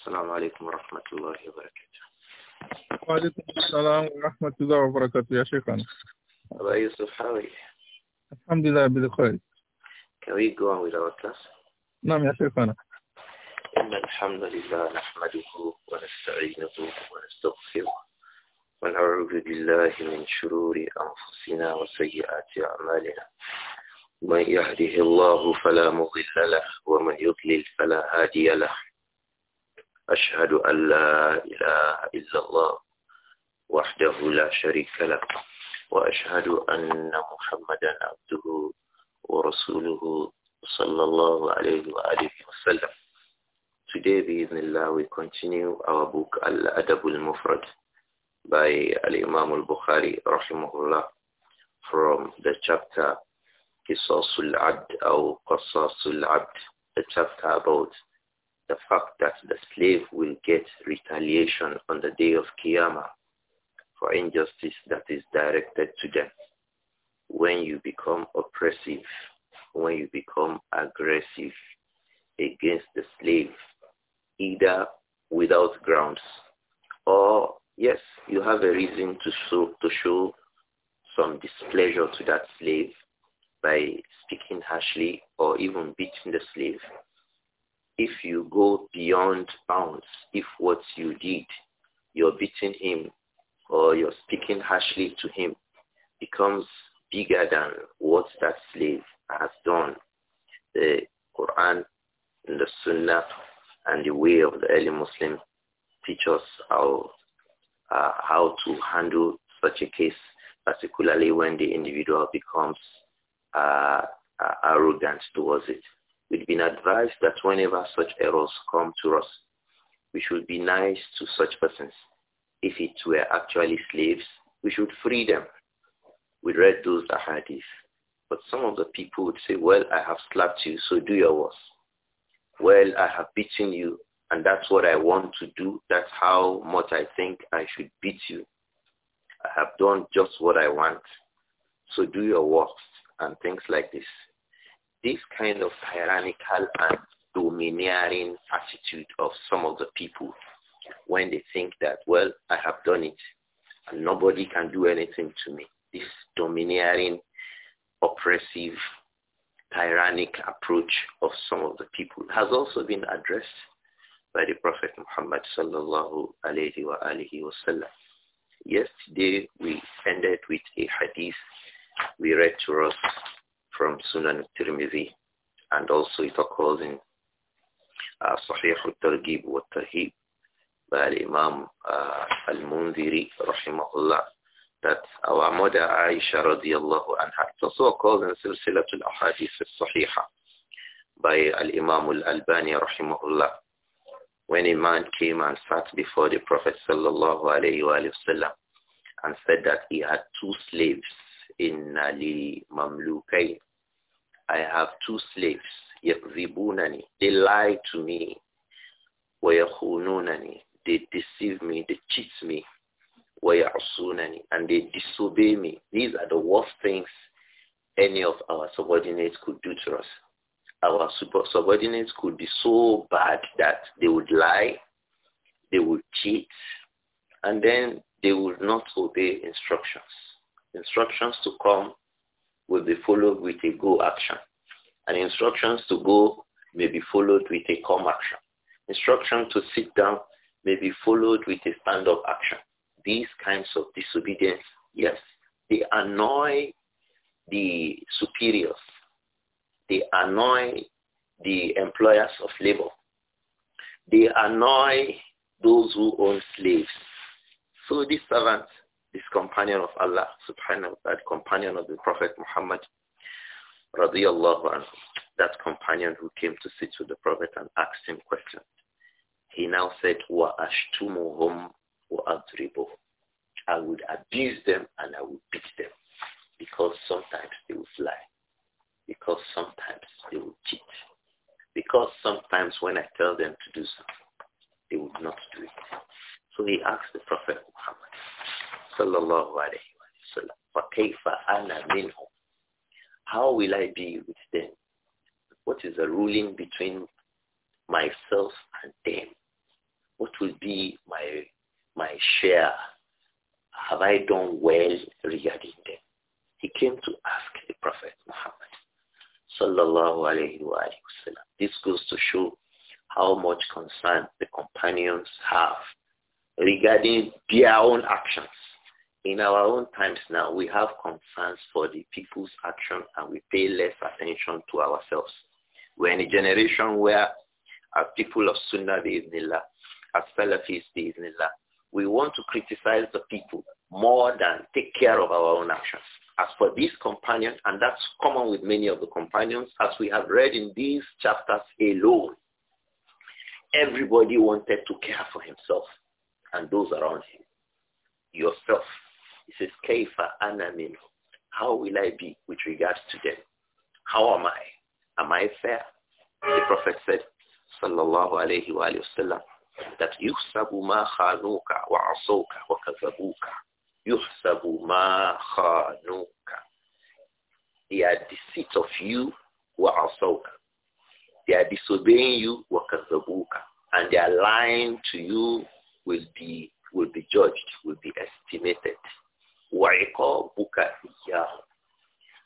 السلام عليكم ورحمة الله وبركاته وعليكم السلام ورحمة الله وبركاته يا شيخنا أبا يوسف حاوي الحمد لله بخير كوي we go on نعم يا شيخنا إن الحمد لله نحمده ونستعينه ونستغفره ونعوذ بالله من شرور أنفسنا وسيئات أعمالنا من يهده الله فلا مضل له ومن يضلل فلا هادي له أشهد أن لا إله إلا الله وحده لا شريك له وأشهد أن محمدا عبده ورسوله صلى الله عليه وآله وسلم Today, بإذن الله, we continue our book Al-Adab al-Mufrad by Al-Imam al-Bukhari الله, from the chapter Qisas al-Abd or Qasas a the chapter about the fact that the slave will get retaliation on the day of Qiyamah for injustice that is directed to them. When you become oppressive, when you become aggressive against the slave, either without grounds or yes, you have a reason to show, to show some displeasure to that slave by speaking harshly or even beating the slave if you go beyond bounds, if what you did, you're beating him or you're speaking harshly to him, becomes bigger than what that slave has done. The Quran, and the Sunnah, and the way of the early Muslim teach us how, uh, how to handle such a case, particularly when the individual becomes uh, uh arrogant towards it. We've been advised that whenever such errors come to us, we should be nice to such persons. If it were actually slaves, we should free them. We read those ahadith. But some of the people would say, well, I have slapped you, so do your worst. Well, I have beaten you, and that's what I want to do. That's how much I think I should beat you. I have done just what I want, so do your worst, and things like this this kind of tyrannical and domineering attitude of some of the people when they think that, well, I have done it and nobody can do anything to me. This domineering, oppressive, tyrannic approach of some of the people has also been addressed by the Prophet Muhammad sallallahu alayhi wa alihi wasallam. Yesterday we ended with a hadith we read to us from Sunan al-Tirmidhi and also it occurs in uh, Sahih al-Targhib wa tarhib by Imam uh, al mundiri rahimahullah that our mother Aisha radiallahu anha it also occurs in Silsilatul Ahadith al Sahih by imam al-Albani rahimahullah when a man came and sat before the Prophet sallallahu alayhi wa sallam and said that he had two slaves in Ali Mamlukain I have two slaves, They lie to me, They deceive me, they cheat me, And they disobey me. These are the worst things any of our subordinates could do to us. Our subordinates could be so bad that they would lie, they would cheat, and then they would not obey instructions. Instructions to come will be followed with a go action. And instructions to go may be followed with a come action. Instruction to sit down may be followed with a stand-up action. These kinds of disobedience, yes, they annoy the superiors. They annoy the employers of labor. They annoy those who own slaves. So these servants, this companion of Allah subhanahu wa ta'ala, companion of the Prophet Muhammad radiallahu anhu, that companion who came to sit with the Prophet and asked him questions. He now said, Wa ashtumuhum wa adribuhum. I would abuse them and I would beat them because sometimes they would lie, because sometimes they would cheat, because sometimes when I tell them to do something, they would not do it. So he asked the Prophet Muhammad sallallahu alayhi wasallam. فَكَيْفَ أَنَا مِنْهُمْ How will I be with them? What is the ruling between myself and them? What will be my my share? Have I done well regarding them? He came to ask the Prophet Muhammad sallallahu alayhi wa This goes to show how much concern the companions have regarding their own actions in our own times now, we have concerns for the people's action and we pay less attention to ourselves. We're in a generation where as people of Sunnah Biiznillah, as Salafis Biiznillah, we want to criticize the people more than take care of our own actions. As for these companions, and that's common with many of the companions, as we have read in these chapters alone, everybody wanted to care for himself and those around him. Yourself, he says, Kaifa anamin. How will I be with regards to them? How am I? Am I fair? The Prophet said, sallallahu alayhi wa sallam, that yuhsabu ma khanuka wa asoka wa kazabuka. Yuhsabu ma khanuka. Their deceit of you wa asoka. They are disobeying you wa kazabuka. And they are lying to you will be will be judged, will be estimated. وَعِقَابُكَ إِيَّاهُمْ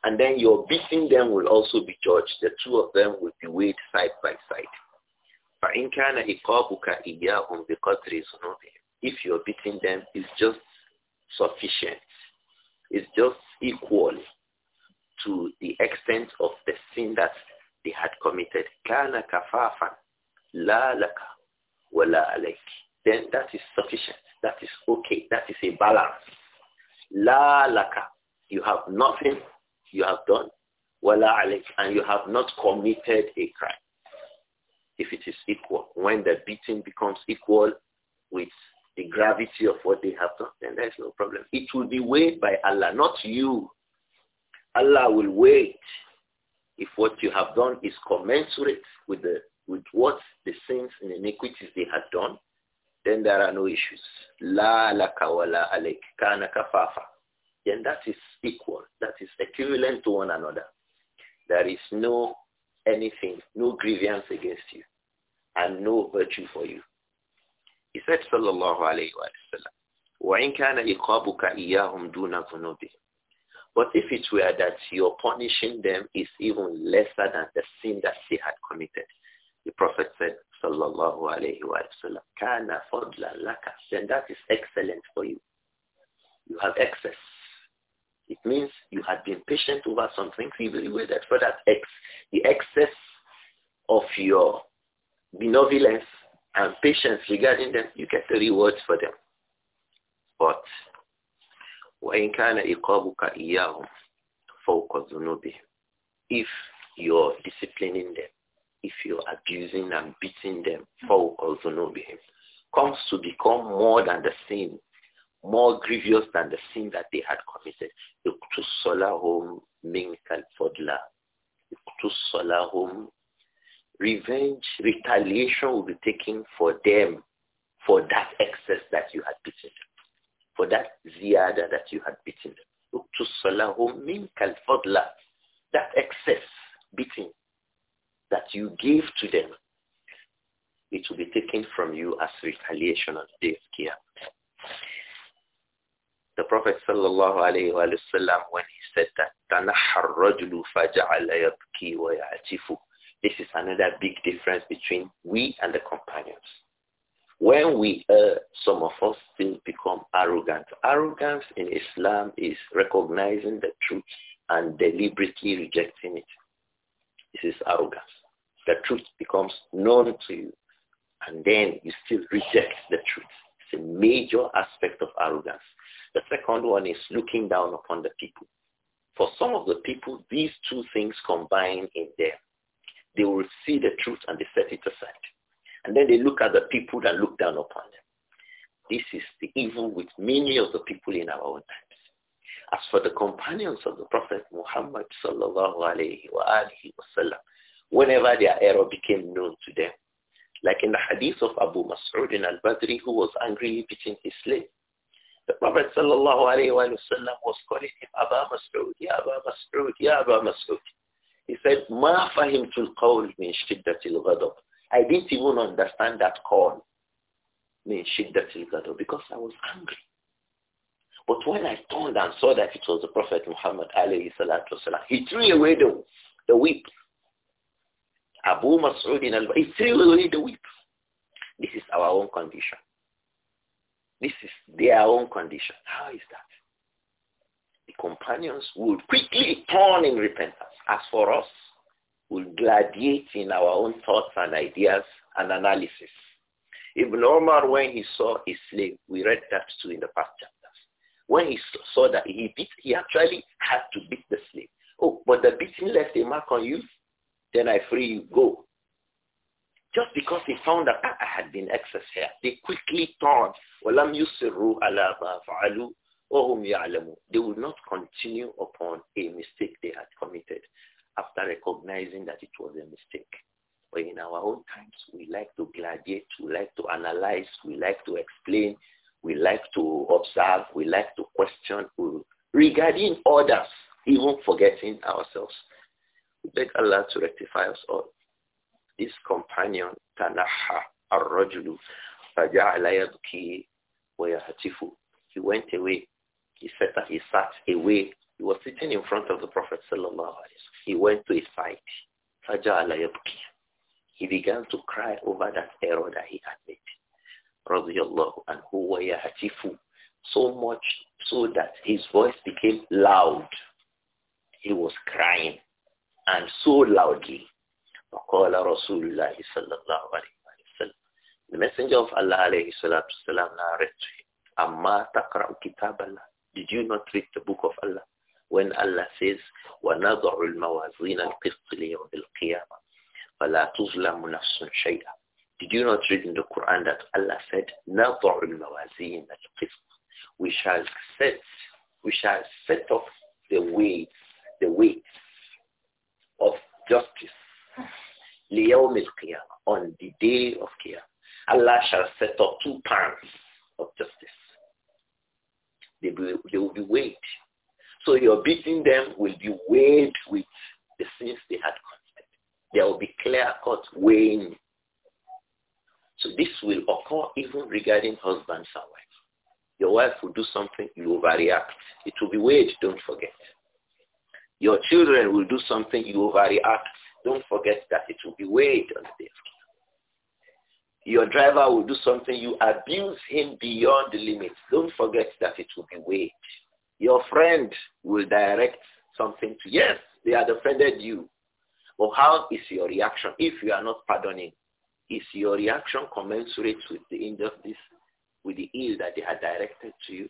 And then your beating them will also be judged. The two of them will be weighed side by side. فَإِنْ كَانَ عِقَابُكَ إِيَّاهُمْ بِقَدْرِ ذُنُوبِهِمْ If you're beating them, it's just sufficient. It's just equal to the extent of the sin that they had committed. كَانَ كَفَافًا لَا لَكَ وَلَا عَلَيْكِ Then that is sufficient. That is okay. That is a balance La laka. You have nothing you have done. Wala alik. And you have not committed a crime. If it is equal. When the beating becomes equal with the gravity of what they have done, then there's no problem. It will be weighed by Allah, not you. Allah will wait if what you have done is commensurate with the with what the sins and iniquities they had done, then there are no issues. La la wa la kana kafafa. Then that is equal. That is equivalent to one another. There is no anything, no grievance against you, and no virtue for you. He said, sallallahu alayhi wa sallam, وَإِنْ كَانَ إِقَابُكَ إِيَّاهُمْ دُونَ ذُنُوبِهِمْ But if it were that your punishing them is even lesser than the sin that they had committed, the Prophet said, sallallahu alayhi wa sallam, kana fadlan laka, then that is excellent for you. You have excess. It means you had been patient over something, you waited for that ex, the excess of your benevolence and patience regarding them, you get the rewards for them. But وإن كان إقابك إياهم فوق ذنوبهم if you're disciplining them if you're abusing and beating them for also know him comes to become more than the sin, more grievous than the sin that they had committed. Iqtusalahum minkal fodla. Iqtusalahum. Revenge, retaliation will be taken for them for that excess that you had beaten them, for that ziyada that you had beaten them. Iqtusalahum minkal fodla. That excess beating that you give to them, it will be taken from you as retaliation on the day of Qiyamah. The Prophet sallallahu alayhi wa sallam, when he said that, This is another big difference between we and the companions. When we err, uh, some of us still become arrogant. Arrogance in Islam is recognizing the truth and deliberately rejecting it. This is arrogance. The truth becomes known to you, and then you still reject the truth. It's a major aspect of arrogance. The second one is looking down upon the people. For some of the people, these two things combine in them. They will see the truth and they set it aside. And then they look at the people and look down upon them. This is the evil with many of the people in our own time. As for the companions of the Prophet Muhammad sallallahu alayhi wa alihi wasallam, whenever their error became known to them, like in the hadith of Abu Mas'ud al-Badri who was angrily beating his slave, the Prophet sallallahu alayhi wa sallam was calling him Aba Mas'ud, Ya Mas'ud, Ya Mas'ud. He said, Ma qawl min shiddatil ghadab. I didn't even understand that call min shiddatil ghadab because I was angry. But when I turned and saw that it was the Prophet Muhammad alayhi salatu he threw away the, the whip. Abu Mas'ud in al he threw away the whip. This is our own condition. This is their own condition. How is that? The companions would quickly turn in repentance. As for us, we'll gladiate in our own thoughts and ideas and analysis. Ibn Omar, when he saw his slave, we read that too in the past chapter. When he saw that he beat, he actually had to beat the slave. Oh, but the beating left a mark on you. Then I free you. Go. Just because he found that ah, I had been excess here, they quickly turned. يُسِرُّوا عَلَى يَعْلَمُونَ They will not continue upon a mistake they had committed after recognizing that it was a mistake. But in our own times, we like to gladiate, we like to analyze, we like to explain, we like to observe. We like to question regarding others, even forgetting ourselves. We beg Allah to rectify us all. This companion, Tanaha al-Rajulu, He went away. He sat, he sat away. He was sitting in front of the Prophet sallallahu He went to his side. He began to cry over that error that he had made radiallahu anhu wa yahtifu, so much so that his voice became loud. He was crying and so loudly. وقال رسول الله صلى الله عليه وسلم The messenger of Allah عليه الصلاة والسلام narrated to him, أما تقرأ كتاب الله Did you not read the book of Allah? When Allah says, وَنَضَعُ الْمَوَازِينَ الْقِسْطِ لِيَوْمِ الْقِيَامَةِ فَلَا تُظْلَمُ نَفْسٌ شَيْئًا did you not read in the Quran that Allah said, نَضَعُ الْمَوَازِينَ الْقِسْطِ We shall set, we shall set up the weights, the weights of justice لِيَوْمِ الْقِيَامَةِ On the day of Qiyamah. Allah shall set up two pounds of justice. They will, they will be weighed. So your beating them will be weighed with the sins they had committed. There will be clear cut weighing so this will occur even regarding husbands and wives. Your wife will do something, you overreact. It will be weighed, don't forget. Your children will do something, you overreact. Don't forget that it will be weighed on the day of Your driver will do something, you abuse him beyond the limits. Don't forget that it will be weighed. Your friend will direct something to, yes, they had offended you. But how is your reaction if you are not pardoning? Is your reaction commensurate with the injustice, with the ill that they have directed to you?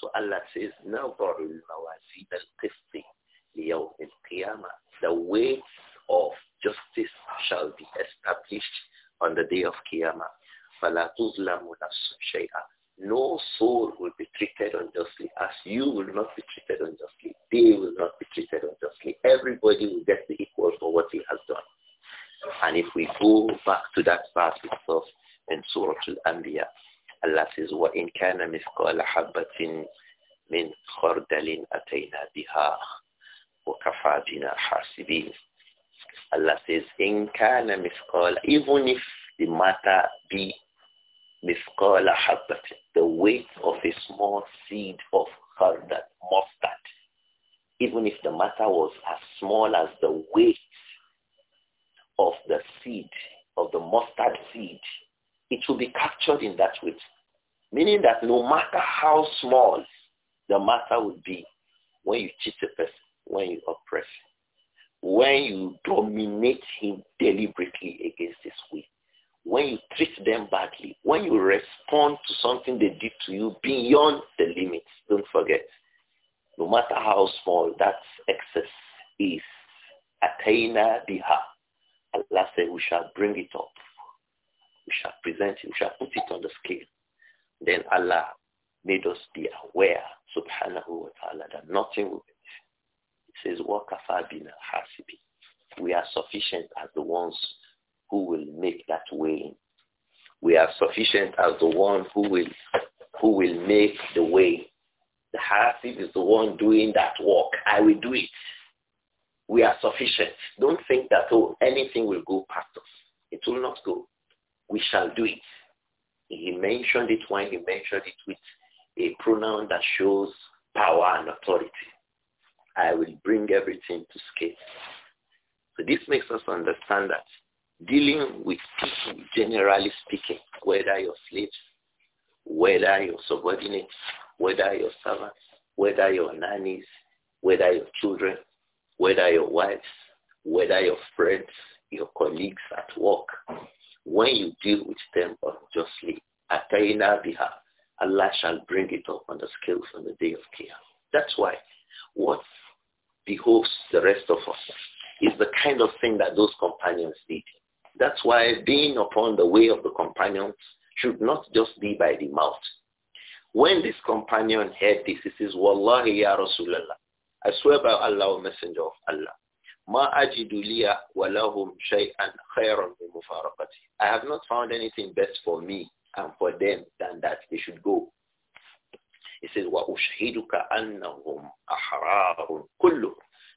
So Allah says, نَظَرُ الْمَوَازِينَ الْقِسْطِ لِيَوْمِ الْقِيَامَةِ The weight of justice shall be established on the day of Qiyamah. فَلَا تُظْلَمُ نَفْسٌ no soul will be treated unjustly as you will not be treated unjustly. They will not be treated unjustly. Everybody will get the equal for what he has done. And if we go back to that verse itself in Surah Al-Anbiya, Allah says, وَإِنْ كَانَ مِثْقَالَ حَبَّةٍ مِنْ خَرْدَلٍ أَتَيْنَا بِهَا وَكَفَى بِنَا حَاسِبِينَ Allah says, إِنْ كَانَ مِثْقَالَ Even if the matter be مِثْقَالَ حَبَّةٍ The weight of a small seed of khardal, mustard. Even if the matter was as small as the weight of the seed, of the mustard seed, it will be captured in that way. Meaning that no matter how small the matter would be, when you cheat a person, when you oppress him, when you dominate him deliberately against his will, when you treat them badly, when you respond to something they did to you beyond the limits, don't forget, no matter how small that excess is, atayna bring it up. We shall present it. We shall put it on the scale. Then Allah made us be aware, subhanahu wa ta'ala, that nothing will be missing. It says, وَكَفَى بِنَا hasibi. We are sufficient as the ones who will make that way. We are sufficient as the one who will who will make the way. The hasib is the one doing that work. I will do it. We are sufficient. Don't think that oh anything will go mentioned it when he mentioned it with a pronoun that shows power and authority. I will bring everything to scale. So this makes us understand that dealing with people, generally speaking, whether your slaves, whether your subordinates, whether your servants, whether your nannies, whether your children, whether your wives, whether your friends, your colleagues at work, when you فَجَعَلْنَا Allah shall bring it up on the scales on the day of Qiyamah. That's why what behoves the rest of us is the kind of thing that those companions did. That's why being upon the way of the companions should not just be by the mouth. When this companion heard this, he says, Wallahi ya Rasulallah. I swear by Allah, Messenger of Allah. Ma ajidu liya walahum shay'an khayran I have not found anything best for me and for them than that they should go. He says, وَأُشْهِدُكَ أَنَّهُمْ أَحْرَارٌ كُلُّهُم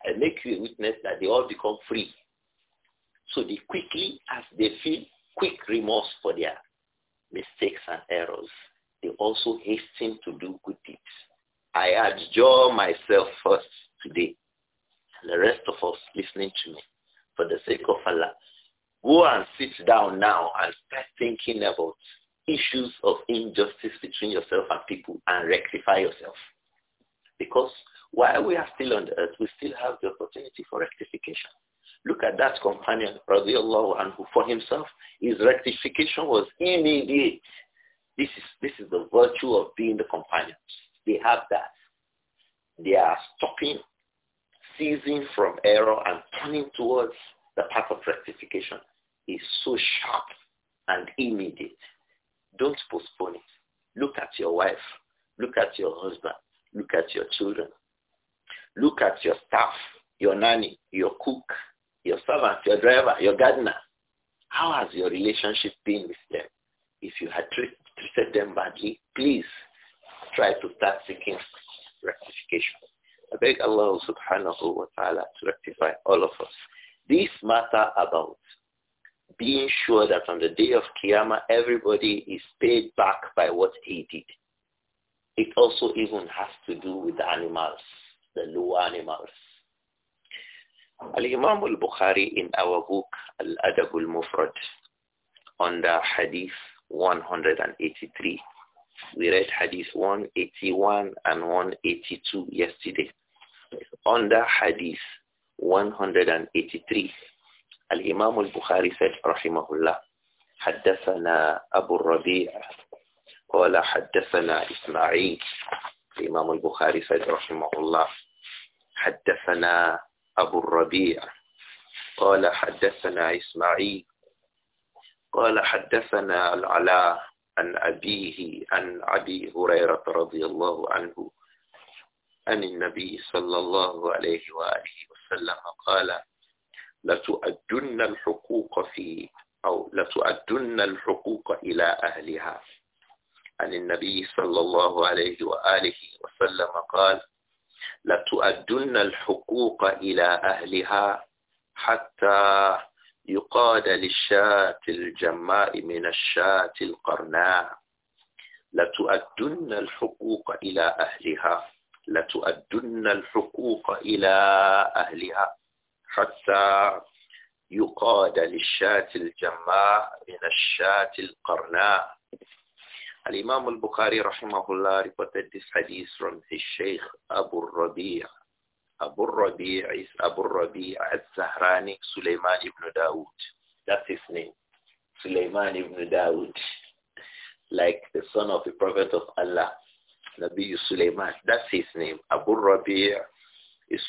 I make you a witness that they all become free. So they quickly, as they feel quick remorse for their mistakes and errors, they also hasten to do good deeds. I adjure myself first today and the rest of us listening to me for the sake of Allah. Go and sit down now and start thinking about issues of injustice between yourself and people and rectify yourself. Because while we are still on the earth, we still have the opportunity for rectification. Look at that companion, radiallahu anhu, for himself, his rectification was immediate. This is, this is the virtue of being the companions. They have that. They are stopping, ceasing from error and turning towards the path of rectification. Is so sharp and immediate. Don't postpone it. Look at your wife. Look at your husband. Look at your children. Look at your staff, your nanny, your cook, your servant, your driver, your gardener. How has your relationship been with them? If you had treated them badly, please try to start seeking rectification. I beg Allah subhanahu wa ta'ala to rectify all of us. This matter about being sure that on the day of Qiyamah, everybody is paid back by what he did. It also even has to do with the animals, the low animals. Al-Imam al-Bukhari in our book Al-Adab al-Mufrad under Hadith 183. We read Hadith 181 and 182 yesterday. Under Hadith 183, الإمام البخاري سيد رحمه الله حدثنا أبو الربيع قال حدثنا إسماعيل الإمام البخاري سيد رحمه الله حدثنا أبو الربيع قال حدثنا إسماعيل قال حدثنا العلاء عن أبيه عن أبي هريرة رضي الله عنه عن النبي صلى الله عليه وآله وسلم قال لتؤدن الحقوق في أو لتؤدن الحقوق إلى أهلها عن النبي صلى الله عليه وآله وسلم قال لتؤدن الحقوق إلى أهلها حتى يقاد للشاة الجماء من الشاة القرناء لتؤدن الحقوق إلى أهلها لتؤدن الحقوق إلى أهلها حتى يقاد للشاة الجماء من الشاة القرناء الإمام البخاري رحمه الله يتحدث حديث عن الشيخ أبو الربيع أبو الربيع أبو الربيع الزهراني سليمان بن داود That's his name. سليمان بن داود like the son of the prophet of Allah نبي سليمان That's his name. أبو الربيع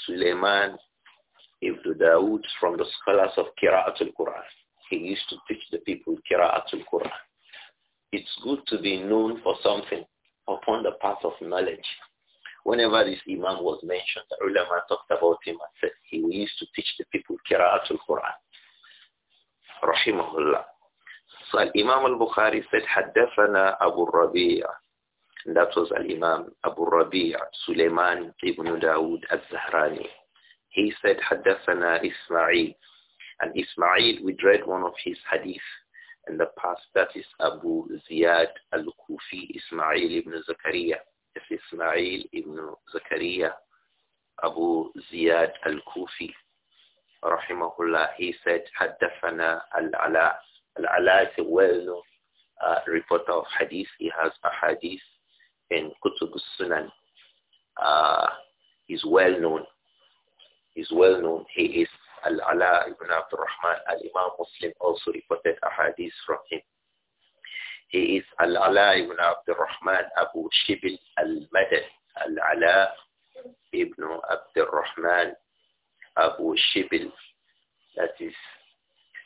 سليمان Ibn Dawood from the scholars of Qira'atul Quran. He used to teach the people Qira'atul Quran. It's good to be known for something upon the path of knowledge. Whenever this Imam was mentioned, the ulama talked about him and said he used to teach the people Qira'atul Quran. Rahimahullah. So Imam al-Bukhari said, حدثنا Abu الربيع that was Al-Imam Abu Rabi'a Sulaiman ibn Dawood al-Zahrani. He said, Haddathana Ismail. And Ismail, we read one of his hadith in the past. That is Abu Ziyad al-Kufi, Ismail ibn Zakaria. if Ismail ibn Zakaria, Abu Ziyad al-Kufi. Rahimahullah, he said, Haddathana al-Ala. Al-Ala is a well-known uh, reporter of hadith. He has a hadith in Kutub sunan Uh, is well known is well known. He is Al-Ala ibn Abdul Rahman. Al-Imam Muslim also reported a hadith from him. He is Al-Ala ibn Abdul Rahman Abu Shibil al-Madad. Al-Ala ibn Abdul Rahman Abu Shibil. That is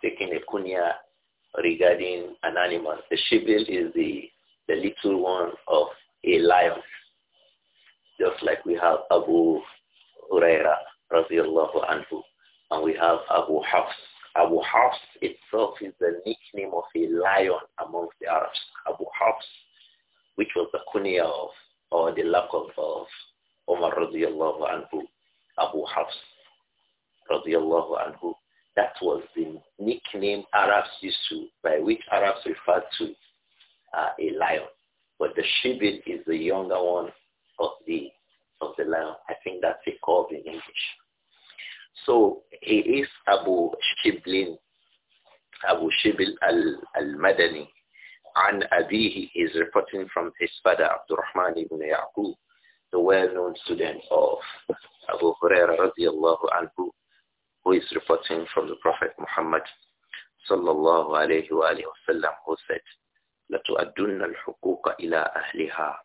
taking a kunya regarding an animal. The shibil is the, the little one of a lion, just like we have Abu Huraira radiallahu anhu. And we have Abu Hafs. Abu Hafs itself is the nickname of a lion amongst the Arabs. Abu Hafs, which was the kunya of, or the lack of Umar radiallahu anhu, Abu Hafs radiallahu anhu. That was the nickname Arabs used to, by which Arabs referred to uh, a lion. But the shibit is the younger one of the of the lion. I think that's a call in English. So he is Abu Shiblin, Abu Shibil al-Madani. An Abihi is reporting from his father, Abdurrahman ibn Yaqub, the well-known student of Abu Huraira radiallahu anhu, who is reporting from the Prophet Muhammad sallallahu alayhi wa alayhi wa sallam, who said, لَتُؤَدُّنَّ الْحُقُوقَ إِلَىٰ أَهْلِهَا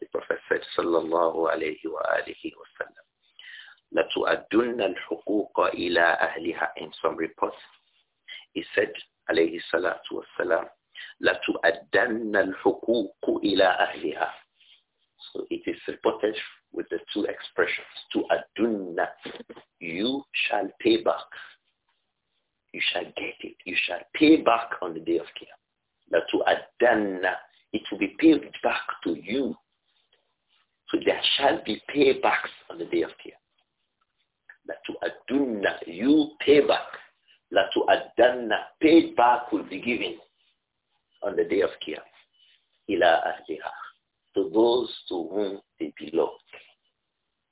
The Prophet said, sallallahu alayhi wa alayhi wa sallam, in some reports, he said, alayhi salatu wasalam, لَتُؤَدَّنَّ الْحُقُوقُ إِلَىٰ أَهْلِهَا So it is reported with the two expressions, to adunna, you shall pay back. You shall get it. You shall pay back on the day of Qiyamah. That to it will be paid back to you. So there shall be paybacks on the day of Qiyamah to Aduna you pay back. La tu'addanna, paid back will be given on the day of Qiyam. Ila ahliha, to those to whom they belong.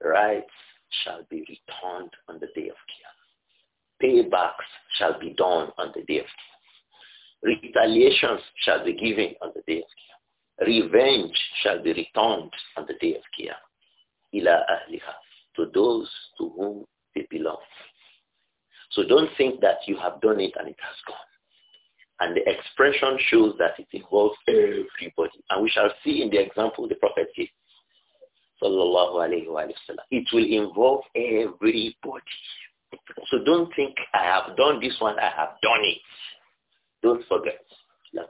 Rights shall be returned on the day of Qiyam. Paybacks shall be done on the day of Qiyam. Retaliations shall be given on the day of Qiyam. Revenge shall be returned on the day of Qiyam. Ila ahliha, to those to whom they belong. So don't think that you have done it and it has gone. And the expression shows that it involves everybody. And we shall see in the example the prophet gave. Sallallahu alayhi wa It will involve everybody. So don't think I have done this one, I have done it. Don't forget. The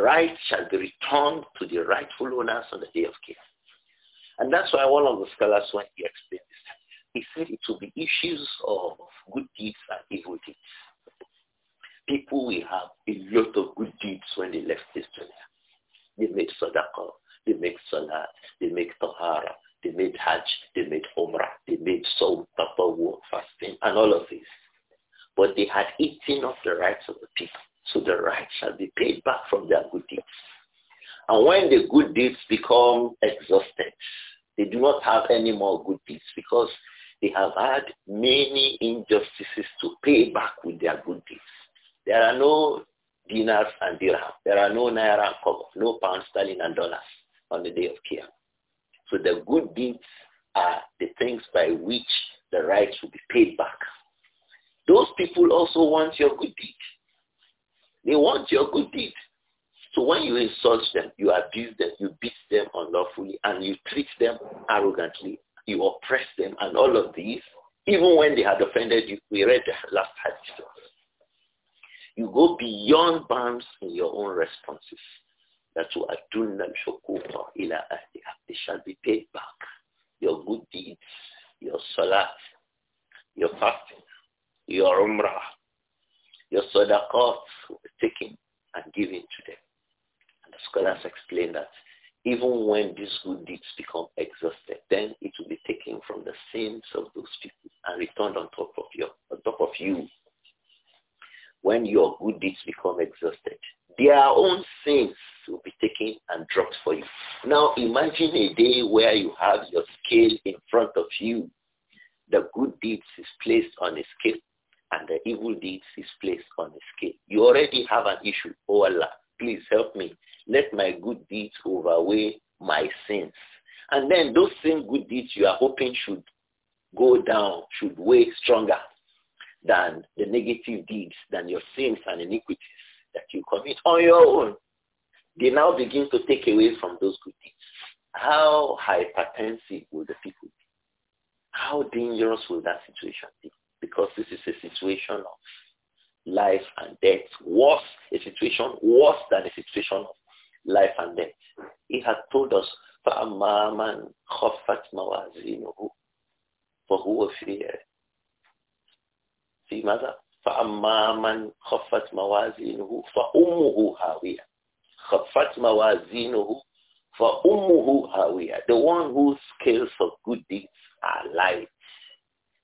right shall be returned to the rightful owners on the day of care. And that's why one of the scholars, when he explained this, he said it will be issues of good deeds and evil deeds. People will have a lot of good deeds when they left this dunya. They made sadaqah, they made salat, they made tahara, they made hajj, they made umrah, they made saum, tapawu, fasting, and all of this. But they had eaten of the rights of the people. So the rights shall be paid back from their good deeds. And when the good deeds become exhausted, they do not have any more good deeds because they have had many injustices to pay back with their good deeds. There are no dinars and dirham. There are no naira and kobo, no pound sterling and dollars on the day of care. So the good deeds are the things by which the rights will be paid back. Those people also want your good deeds. They want your good deeds. So when you insult them, you abuse them, you beat them unlawfully, and you treat them arrogantly, you oppress them, and all of these, even when they had offended you, we read the last hadith. You go beyond bounds in your own responses. That you are doing them ila They shall be paid back. Your good deeds, your salat, your fasting, your umrah, your sadaqat taken and given to them scholars explain that even when these good deeds become exhausted, then it will be taken from the sins of those people and returned on top of your on top of you. When your good deeds become exhausted, their own sins will be taken and dropped for you. Now imagine a day where you have your scale in front of you. The good deeds is placed on a scale and the evil deeds is placed on a scale. You already have an issue. Oh Allah, please help me let my good deeds outweigh my sins. And then those same good deeds you are hoping should go down, should weigh stronger than the negative deeds, than your sins and iniquities that you commit on your own. They now begin to take away from those good deeds. How hypertensive will the people be? How dangerous will that situation be? Because this is a situation of life and death, worse, a situation worse than a situation of life and death. He has told us, فَأَمَّا مَنْ خَفَّتْ مَوَازِينُهُ فَهُوَ فِي في ماذا؟ فأما من خفت موازينه فهو في في ماذا فاما من for موازينه فامه هاوية خفت موازينه فأمه هاوية The one whose scales of good deeds are light.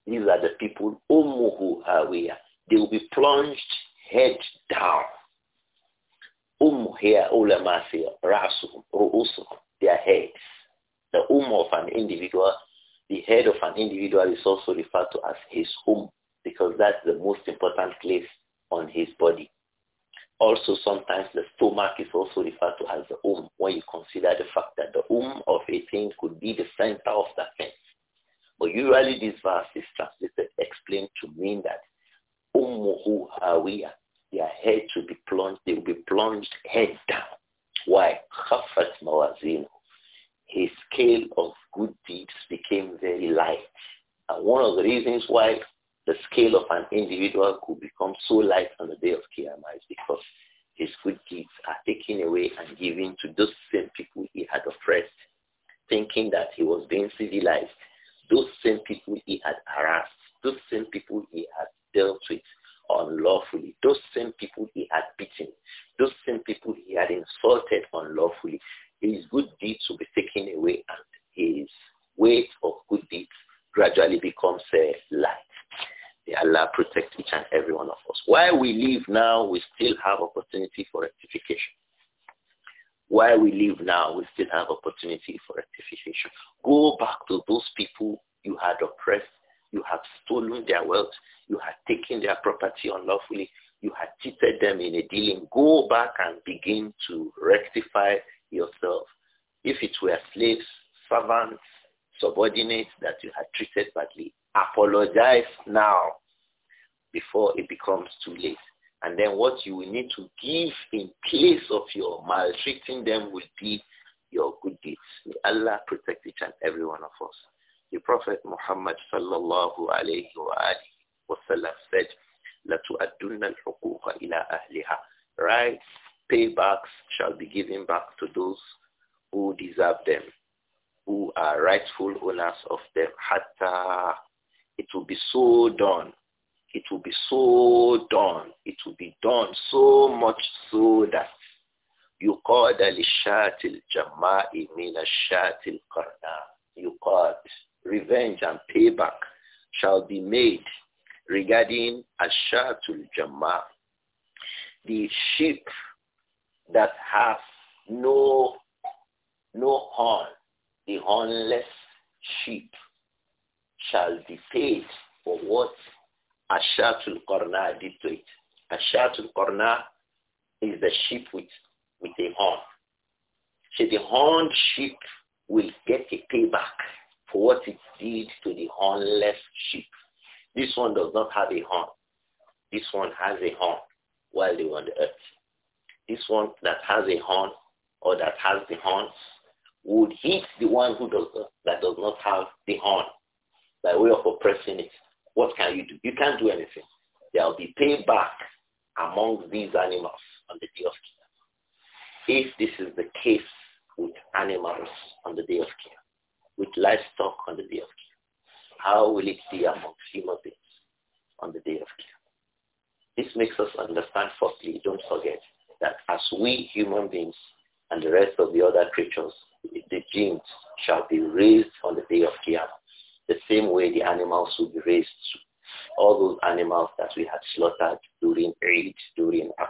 These are the people أمه هاوية They will be plunged head down um here, ulama say, rasum, their heads. The um of an individual, the head of an individual is also referred to as his um, because that's the most important place on his body. Also, sometimes the stomach is also referred to as the um when you consider the fact that the um of a thing could be the center of that thing. But usually this verse is translated, explained to mean that ummuhu hawiya, their heads will be plunged, they will be plunged head down. Why? Khafat Mawazino. His scale of good deeds became very light. And one of the reasons why the scale of an individual could become so light on the day of Qiyamah is because his good deeds are taken away and given to those same people he had oppressed, thinking that he was being civilized. Those same people he had harassed, those same people he had dealt with, unlawfully. Those same people he had beaten, those same people he had insulted unlawfully. His good deeds will be taken away and his weight of good deeds gradually becomes a light. May Allah protect each and every one of us. While we live now, we still have opportunity for rectification. While we live now, we still have opportunity for rectification. Go back to those people you had oppressed you have stolen their wealth. You have taken their property unlawfully. You have cheated them in a dealing. Go back and begin to rectify yourself. If it were slaves, servants, subordinates that you had treated badly, apologize now before it becomes too late. And then what you will need to give in place of your maltreating them will be your good deeds. May Allah protect each and every one of us. The Prophet Muhammad sallallahu alayhi wa alihi wa sallam said, لَتُؤَدُّنَّ الْحُقُوقَ إِلَىٰ أَهْلِهَا Rights, paybacks shall be given back to those who deserve them, who are rightful owners of them. Hatta it will be so done. It will be so done. It will be done so much so that يقاد للشاة الجماء من الشاة القرناء يقاد revenge and payback shall be made regarding Ashatul Jama, the sheep that has no, no horn, the hornless sheep shall be paid for what Ashatul Qarna did to it. Ashatul Qarna is the sheep with, with a horn. So the horned sheep will get a payback for what it did to the hornless sheep. This one does not have a horn. This one has a horn while they were on the earth. This one that has a horn or that has the horns would hit the one who does not, that does not have the horn by way of oppressing it. What can you do? You can't do anything. There will be payback among these animals on the day of care. If this is the case with animals on the day of care with livestock on the day of Qiyamah? How will it be among human beings on the day of Qiyamah? This makes us understand, firstly, don't forget that as we human beings and the rest of the other creatures, the jinns shall be raised on the day of Qiyamah, the same way the animals will be raised. All those animals that we had slaughtered during Eid, during Aqaba,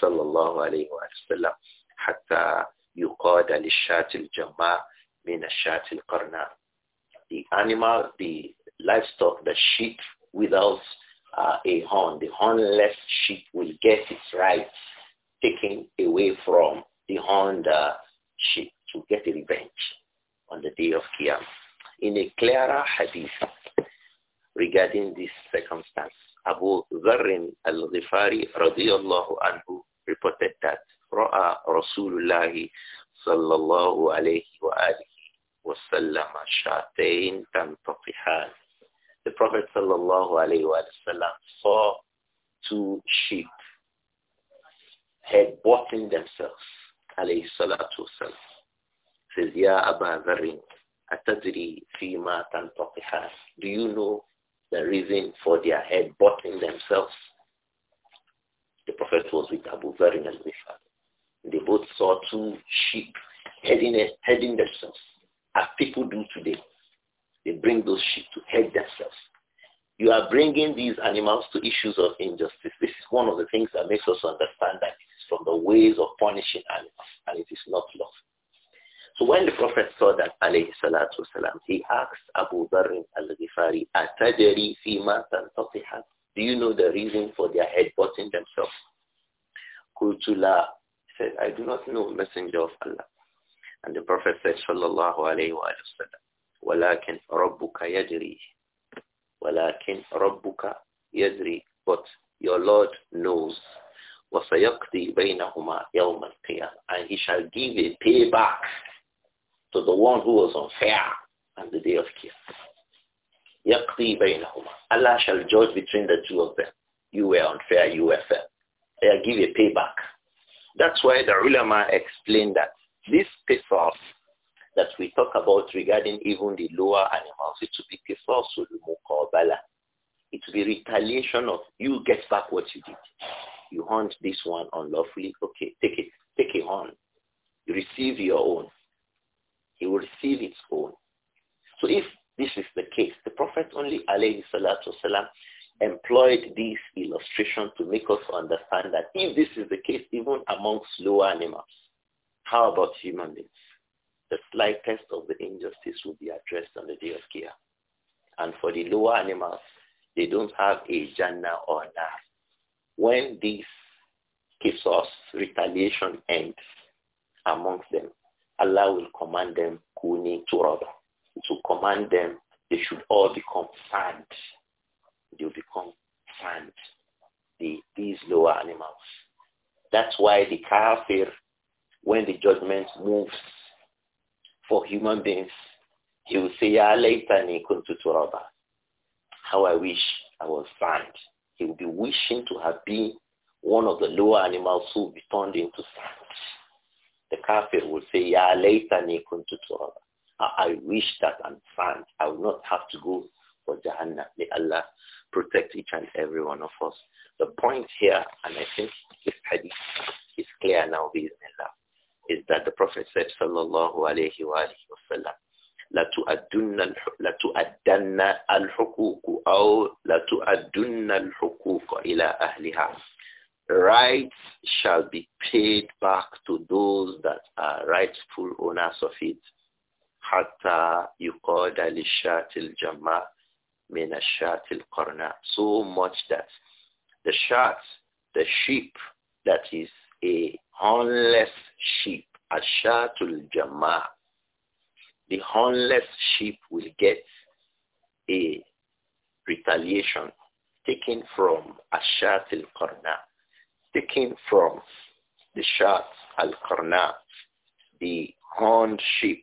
sallallahu alayhi wa sallam حتى يقاد للشاة الجماع من الشاة القرناء. The animal, the livestock, the sheep without uh, a horn, the hornless sheep will get its rights taken away from the horned uh, sheep to get revenge on the day of Qiyam. In a clearer hadith regarding this circumstance, Abu Dharr al-Ghifari radiyallahu anhu the Prophet sallallahu alayhi wa sallam saw two sheep head butting themselves alayhi salatu wasalam. Says, Ya Aba Dharrin, أتدري فيما تنتقحان Do you know issues of injustice. This is one of the things that makes us understand that it is from the ways of punishing animals and it is not love. So when the Prophet saw that, alayhi salatu wasalam, he asked Abu Dharr al-Ghifari, أَتَدَرِي فِي مَا Do you know the reason for their headbutting themselves? Kultula said, I do not know, Messenger of Allah. And the Prophet said, sallallahu alayhi wa sallam, وَلَكِنْ رَبُّكَ يَدْرِي who was unfair on the day of Qiyamah. يَقْضِي بَيْنَهُمَا Allah shall judge between the two of them. You were unfair, you were fair. They'll give a payback. That's why the ulama explained that this qisas that we talk about regarding even the lower animals, it will be qisasul muqabala. It will be retaliation of you get back what you did. You hunt this one unlawfully, okay, take it. Take a horn. You receive your own he will receive its own. So if this is the case, the Prophet only alayhi salatu wasalam employed this illustration to make us understand that if this is the case even amongst lower animals, how about human beings? The slightest of the injustice will be addressed on the day of Qiyamah. And for the lower animals, they don't have a Jannah or Nar. When this gives us retaliation ends amongst them, Allah will command them kuni turaba. To command them, they should all become sand. They'll become sand. The, these lower animals. That's why the kafir, when the judgment moves for human beings, he will say, Ya laytani kuntu turaba. How I wish I was sand. He will be wishing to have been one of the lower animals who will be turned into sand. The kafir will say, Ya laytani kuntu turaba. I wish that I'm sand. I will not have to go for Jahannam. May Allah protect each and every one of us. The point here, and I think this hadith is clear now, bismillah, is that the Prophet said, sallallahu alayhi wa alayhi wa sallam, لتؤدن الحقوق أو لتؤدن الحقوق إلى أهلها rights shall be paid back to those that are rightful owners of it. حتى يقاد للشاة jama من shatil القرناء. So much that the shat, the sheep, that is a hornless sheep, a shatul jama. The hornless sheep will get a retaliation taken from a shatil qarna taken from the shat al-karna, the horned sheep.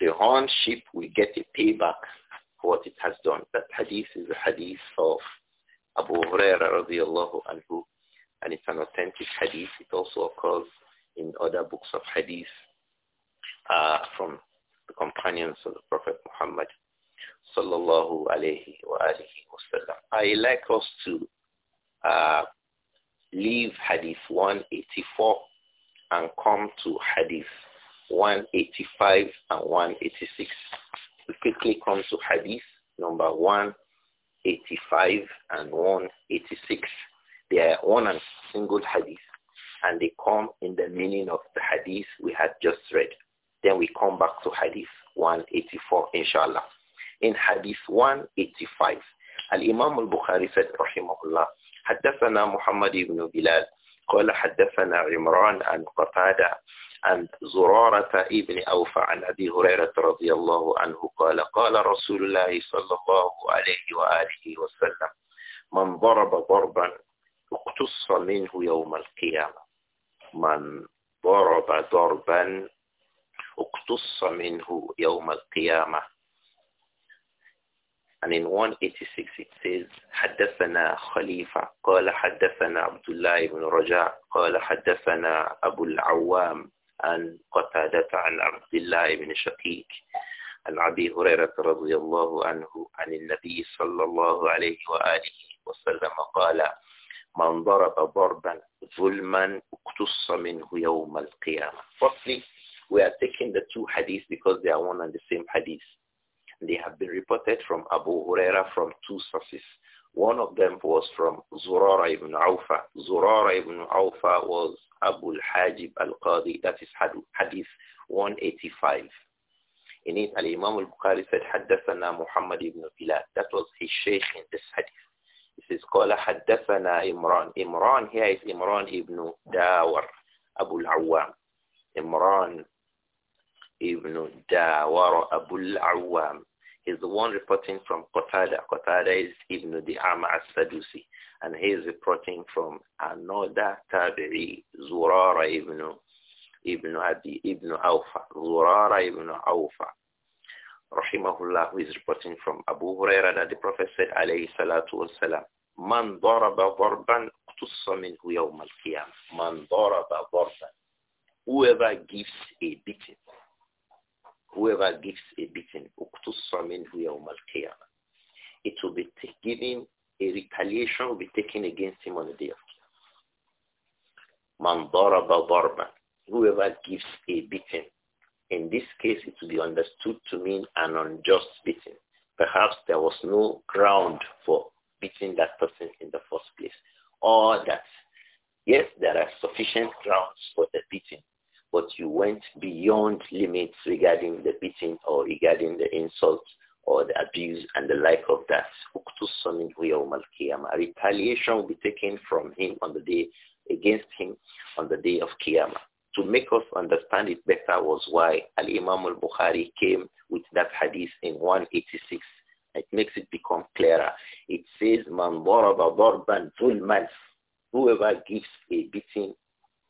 The horned sheep will get a payback for what it has done. That hadith is a hadith of Abu Huraira radiallahu anhu, and it's an authentic hadith. It also occurs in other books of hadith uh, from the companions of the Prophet Muhammad sallallahu alayhi wa alihi wasallam. I like us to uh, leave Hadith 184 and come to Hadith 185 and 186. We quickly come to Hadith number 185 and 186. They are one and single Hadith and they come in the meaning of the Hadith we had just read. Then we come back to Hadith 184, inshallah. In Hadith 185, Al-Imam al-Bukhari said, Rahimahullah, حدثنا محمد بن بلال قال حدثنا عمران عن قتادة عن زرارة ابن أوفى عن أبي هريرة رضي الله عنه قال قال رسول الله صلى الله عليه وآله وسلم من ضرب ضربا اقتص منه يوم القيامة من ضرب ضربا اقتص منه يوم القيامة And in 186 it says, حدثنا خليفة قال حدثنا عبد الله بن رجاء قال حدثنا أبو العوام عن قتادة عن عبد الله بن شقيق عن أبي هريرة رضي الله عنه عن النبي صلى الله عليه وآله وسلم قال من ضرب ضربا ظلما اقتص منه يوم القيامة. Firstly, we are taking the two hadiths because they are one and the same hadith. They have been reported from Abu Huraira from two sources. One of them was from Zurara ibn Awfa. Zurara ibn Awfa was Abu al-Hajib al-Qadi. That is Hadith 185. In it, Al-Imam al-Bukhari said, حدثنا Muhammad ibn Bilal. That was his sheikh in this hadith. He says, قال حدثنا Imran. Imran here is Imran ibn Dawar, Abu al-Awwam. Imran ibn Dawar Abu al-Awwam. He's the one reporting from Qatada. Qatada is Ibn Di'am As sadusi And he's reporting from another Tabi'i, Zurara ibn, ibn Abi, ibn Awfa. Zurara ibn Awfa. Rahimahullah, who is reporting from Abu Huraira that the Prophet said, alayhi salatu wasalam, Man daraba darban qtussa minhu yawm al-qiyam. Man daraba darban. Whoever gives a beating, whoever gives a beating, it will be given, a retaliation will be taken against him on the day of Qiyamah. whoever gives a beating, in this case it will be understood to mean an unjust beating. Perhaps there was no ground for beating that person in the first place. Or that, yes, there are sufficient grounds for the beating, but you went beyond limits regarding the beating or regarding the insult or the abuse and the like of that. Retaliation will be taken from him on the day, against him on the day of Qiyamah. To make us understand it better was why Al-Imam al-Bukhari came with that hadith in 186. It makes it become clearer. It says, Man daraba darban zulman. Whoever gives a beating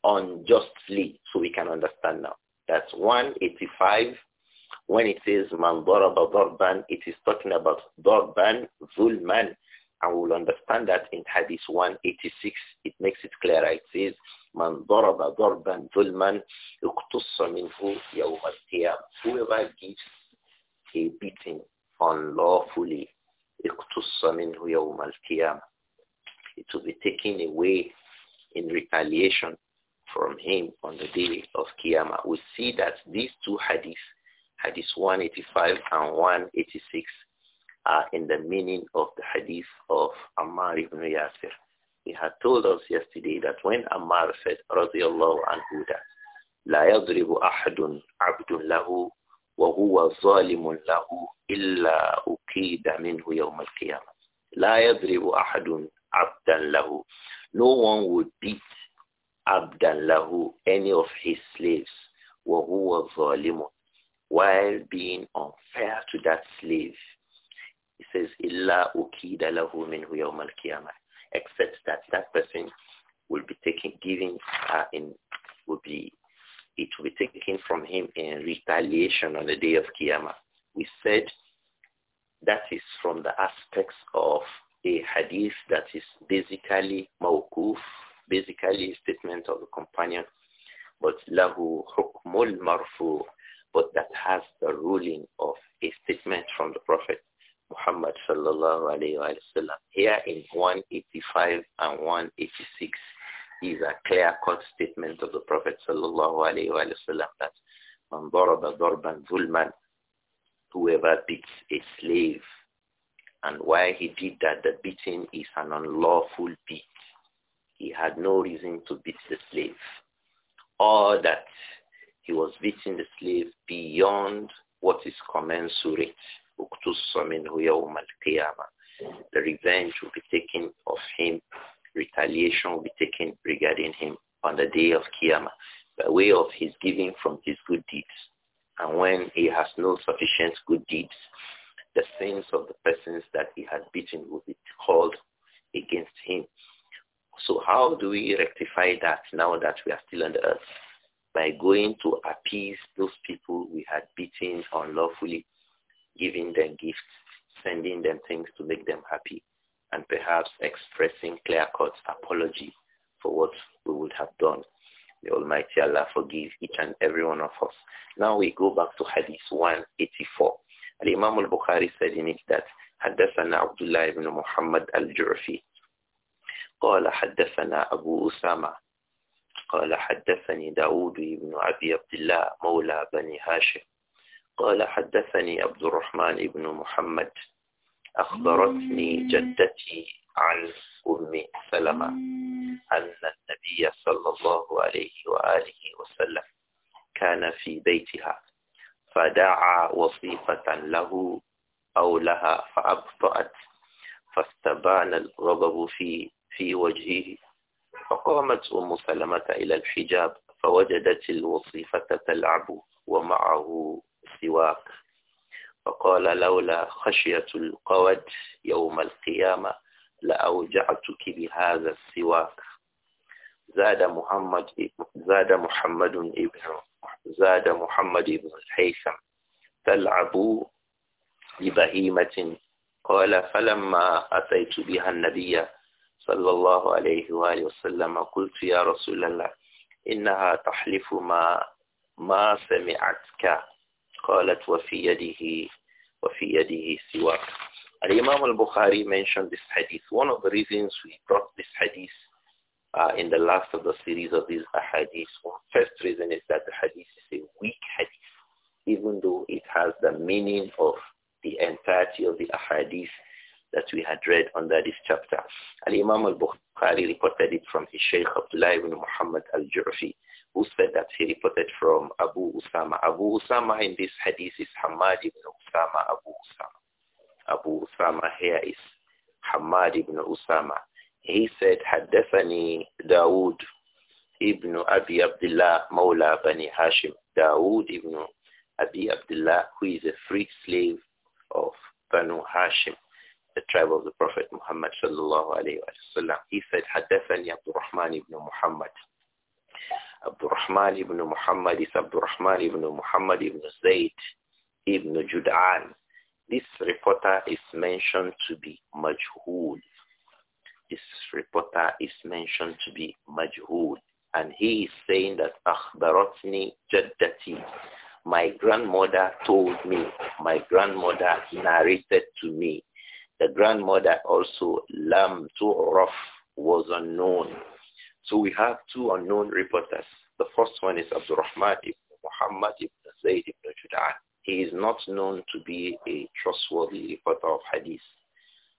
unjustly. So we can understand now. That's 185. When it says man daraba darban, it is talking about darban zulman. And we'll understand that in Hadith 186. It makes it clearer. It says man daraba darban zulman uqtussa minhu yawm Whoever gives a beating unlawfully, uqtussa minhu yawm It will be taken away in retaliation from him on the day of Qiyamah. We see that these two hadiths, hadith 185 and 186, are in the meaning of the hadith of Ammar ibn Yasir. He had told us yesterday that when Ammar said, radiyallahu anhu, that لا يضرب أحد عبد له وهو ظالم له إلا أكيد منه يوم القيامة. لا يضرب أحد عبدا له. No one would beat Abdallahu any of his slaves, while being unfair to that slave. He says, إِلَّا أُكِيدَ Except that that person will be taken, giving, uh, in, will be, it will be taken from him in retaliation on the day of Qiyamah. We said that is from the aspects of a hadith that is basically mawkuf basically a statement of the companion, but lahu hukmul marfu, but that has the ruling of a statement from the Prophet Muhammad sallallahu alayhi wa sallam. Here in 185 and 186, is a clear-cut statement of the Prophet sallallahu alayhi wa sallam that man daraba darban zulman, whoever beats a slave, and why he did that, the beating is an unlawful beat he had no reason to beat the slave or that he was beating the slave beyond what is commensurate. The revenge will be taken of him, retaliation will be taken regarding him on the day of Qiyamah by way of his giving from his good deeds. And when he has no sufficient good deeds, the sins of the persons that he had beaten will be called against him so how do we rectify that now that we are still on the earth? By going to appease those people we had beaten unlawfully, giving them gifts, sending them things to make them happy, and perhaps expressing clear-cut apology for what we would have done. May Almighty Allah forgive each and every one of us. Now we go back to Hadith 184. Al-Imam al-Bukhari said in it that حدثنا عبد الله بن محمد الجرفي قال حدثنا أبو أسامة قال حدثني داود بن أبي عبد الله مولى بني هاشم قال حدثني عبد الرحمن بن محمد أخبرتني جدتي عن أم سلمة أن النبي صلى الله عليه وآله وسلم كان في بيتها فدعا وصيفة له أو لها فأبطأت فاستبان الغضب في في وجهه فقامت أم سلمة إلى الحجاب فوجدت الوصيفة تلعب ومعه سواك فقال لولا خشية القود يوم القيامة لأوجعتك بهذا السواك زاد محمد زاد محمد ابن زاد محمد ابن الهيثم تلعب ببهيمة قال فلما أتيت بها النبي صلى الله عليه وآله وسلم قلت يا رسول الله إنها تحلف ما ما سمعتك قالت وفي يده وفي يده سواك Al-Imam al-Bukhari mentioned this hadith. One of the reasons we brought this hadith uh, in the last of the series of these hadiths, well, first reason is that the hadith is a weak hadith, even though it has the meaning of the entirety of the hadith that we had read under this chapter. Al-Imam al-Bukhari reported it from his Shaykh Abdullah ibn Muhammad al jurfi who said that he reported from Abu Usama. Abu Usama in this hadith is Hamad ibn Usama, Abu Usama. Abu Usama here is Hamad ibn Usama. He said, حدثني Dawood ابن Abi Abdullah, Mawlā bani Hashim. Dawood داود Abi Abdullah, who is a free slave of Banu Hashim the tribe of the Prophet Muhammad sallallahu alayhi wa sallam. He said, حدثني عبد الرحمن ibn Muhammad. عبد الرحمن ibn Muhammad is عبد الرحمن ibn Muhammad ibn Zayd ibn Jud'an. This reporter is mentioned to be majhul. This reporter is mentioned to be majhul. And he is saying that أخبرتني جدتي my grandmother told me, my grandmother narrated to me, the grandmother also, Lam Tu'raf, was unknown. So we have two unknown reporters. The first one is Abdurrahman ibn Muhammad ibn Zayd ibn Jud'an. He is not known to be a trustworthy reporter of hadith.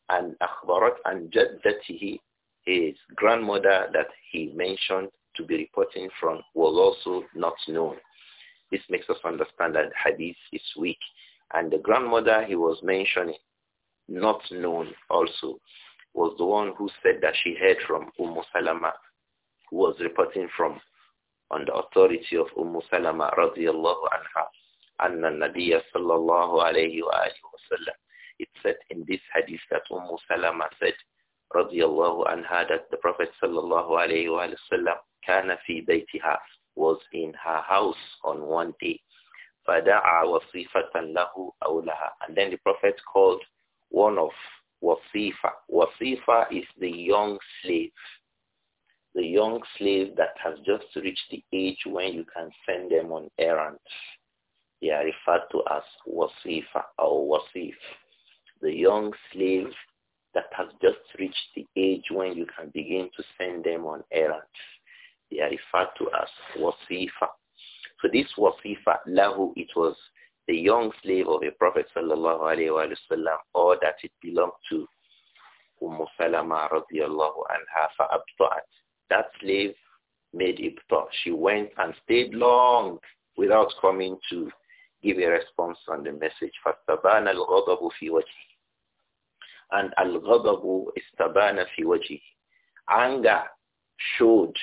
And Akhbarat and Jaddatihi, his grandmother that he mentioned to be reporting from, was also not known. This makes us understand that hadith is weak. And the grandmother he was mentioning, not known also was the one who said that she heard from Umm Salama, who was reporting from on the authority of Umm Salama radiallahu anha, anna Nabiya sallallahu alayhi wa alihi wa sallam. It said in this hadith that Umm Salama said radiallahu anha that the Prophet sallallahu alayhi wa sallam kana fi baytiha was in her house on one day. فَدَعَى وَصِيفَةً لَهُ أَوْ لَهَا And then the Prophet called one of wasifa. Wasifa is the young slave. The young slave that has just reached the age when you can send them on errands. They are referred to as wasifa or wasif. The young slave that has just reached the age when you can begin to send them on errands. They are referred to as wasifa. So this wasifa, lahu, it was the young slave of a Prophet sallallahu alayhi wa sallam or that it belonged to Umm Salama radiallahu anha fa'abta'at. That slave made ibta. She went and stayed long without coming to give a response on the message. فَاسْتَبَانَ الْغَضَبُ فِي وَجْهِ And al-ghadabu istabana fi wajhi. Anger showed,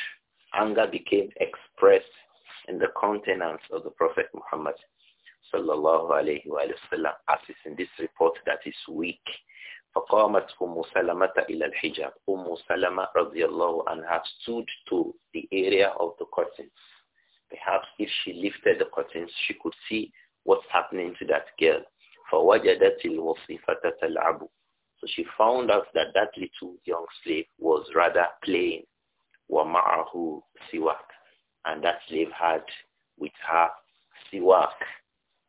anger became expressed in the countenance of the Prophet Muhammad sallallahu alayhi wa sallam as is in this report that is weak. فقامت أم سلمة إلى الحجاب. أم سلمة رضي الله عنها stood to the area of the curtains. Perhaps if she lifted the curtains, she could see what's happening to that girl. فوجدت الوصيفة تلعب. So she found out that that little young slave was rather playing. ومعه سواك. And that slave had with her siwak,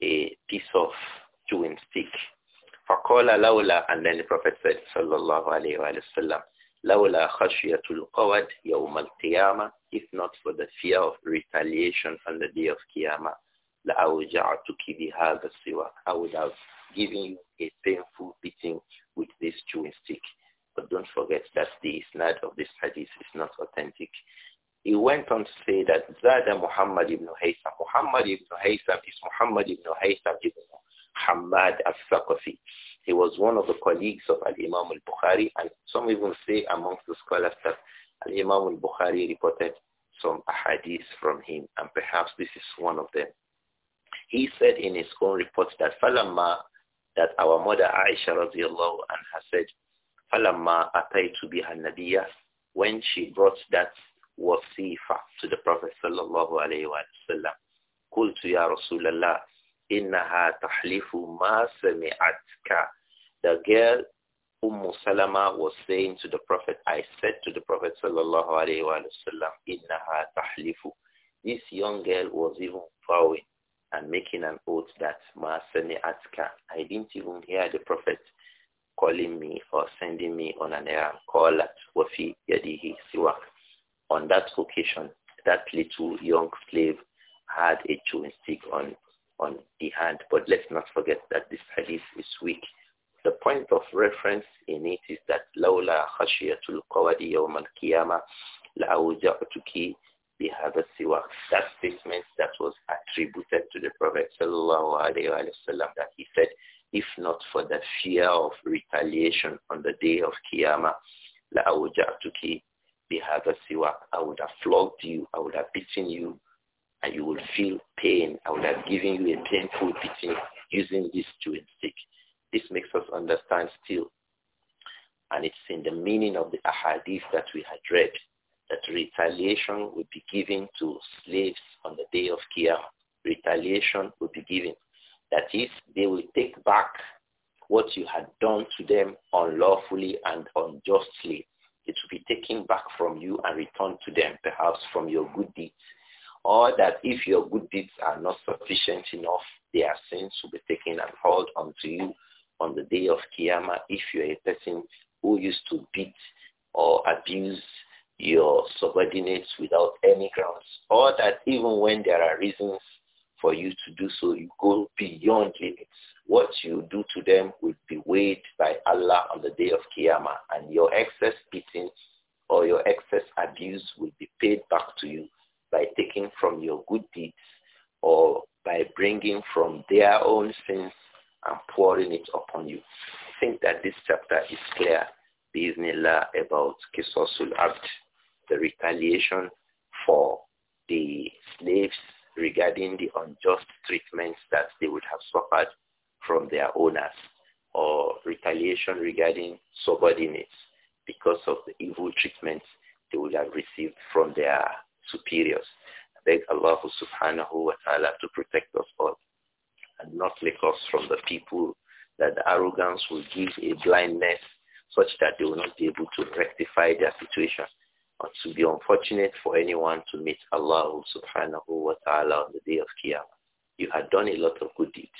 a piece of chewing stick. فَقَالَ لَوْلَا And then the Prophet said, sallallahu alayhi wa sallam, لَوْلَا خَشْيَةُ الْقَوَدْ يَوْمَ الْقِيَامَةِ If not for the fear of retaliation on the day of Qiyamah, لَأَوْجَعْتُكِ بِهَذَا السِّوَاكِ I would have given you a painful beating with this chewing stick. But don't forget that the isnad of this hadith is not authentic. He went on to say that Zada Muhammad ibn Haytham. Muhammad ibn Haytham is Muhammad ibn Haytham ibn Hamad al-Thaqafi. He was one of the colleagues of Al-Imam al-Bukhari and some even say amongst the scholars that Al-Imam al-Bukhari reported some ahadith from him and perhaps this is one of them. He said in his own report that Falamma, that our mother Aisha radiallahu anha said, Falamma ataytu biha nabiyya, when she brought that wasifa to the Prophet sallallahu alayhi wa sallam. قلت يا رسول الله إنها تحلف ما سمعتك. The girl Umm Salama was saying to the Prophet, I said to the Prophet sallallahu alayhi wasallam, sallam, إنها تحلف. This young girl was even vowing and making an oath that ma atka. I didn't even hear the Prophet calling me or sending me on an errand. call at wafi yadihi siwak. On that occasion, that little young slave had a chewing stick on, on the hand. But let's not forget that this hadith is weak. The point of reference in it is that لولا خشية القواد يوم القيامة لأوجعتك بهذا السواك. That statement that was attributed to the Prophet sallallahu alaihi wasallam that he said, if not for the fear of retaliation on the day of Qiyamah, لأوجعتك بهذا السواك I would have flogged you, I would have beaten you, and you would feel pain. I would have given you a painful beating using this two stick. This makes us understand still. And it's in the meaning of the ahadith that we had read that retaliation will be given to slaves on the day of Qiyamah. Retaliation will be given. That is, they will take back what you had done to them unlawfully and unjustly. It will be taken back from you and returned to them, perhaps from your good deeds. Or that if your good deeds are not sufficient enough, their sins will be taken and hauled unto you on the day of Qiyamah if you're a person who used to beat or abuse your subordinates without any grounds, or that even when there are reasons for you to do so, you go beyond limits what you do to them will be weighed by Allah on the day of Qiyamah and your excess beating or your excess abuse will be paid back to you by taking from your good deeds or by bringing from their own sins and pouring it upon you. I think that this chapter is clear, Bismillah, about Kisosul Abd, the retaliation for the slaves regarding the unjust treatments that they would have suffered from their owners or retaliation regarding subordinates because of the evil treatment they would have received from their superiors. I beg Allah subhanahu wa ta'ala to protect us all and not make us from the people that the arrogance will give a blindness such that they will not be able to rectify their situation. It to be unfortunate for anyone to meet Allah subhanahu wa ta'ala on the day of Qiyamah. You had done a lot of good deeds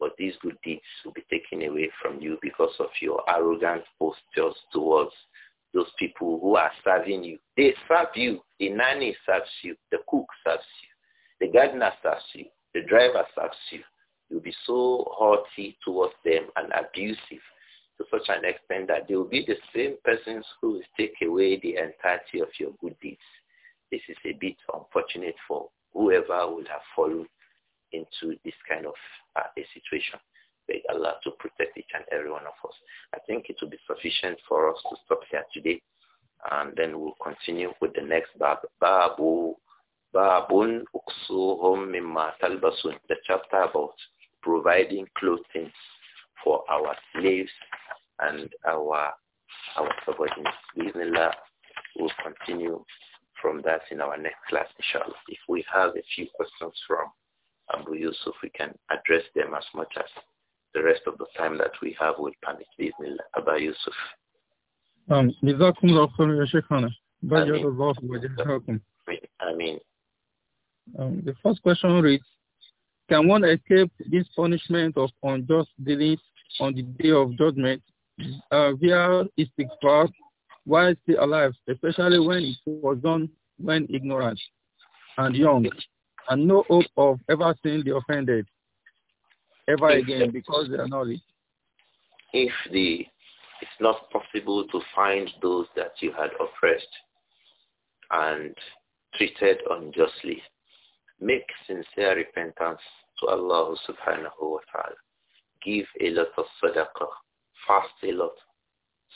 but these good deeds will be taken away from you because of your arrogant postures towards those people who are serving you. They serve you. The nanny serves you. The cook serves you. The gardener serves you. The driver serves you. You'll be so haughty towards them and abusive to such an extent that they will be the same persons who will take away the entirety of your good deeds. This is a bit unfortunate for whoever would have followed into this kind of uh, a situation. Beg Allah to protect each and every one of us. I think it will be sufficient for us to stop here today, and then we'll continue with the next bab. Babu, babun uksuhum mimma talbasun. The chapter about providing clothing for our slaves and our our subordinates. Bismillah, we'll continue from that in our next class, inshallah. If we have a few questions from Abu Yusuf, we can address them as much as the rest of the time that we have will permit. Bismillah, Abu Yusuf. Um, جزاكم um, The first question reads Can one escape this punishment of unjust dealings on the day of judgment uh, via istighfar while still alive, especially when it was done when ignorant and young? and no hope of ever seeing the offended ever if again because they are not If the it's not possible to find those that you had oppressed and treated unjustly, make sincere repentance to Allah subhanahu wa ta'ala. Give a lot of sadaqah. Fast a lot.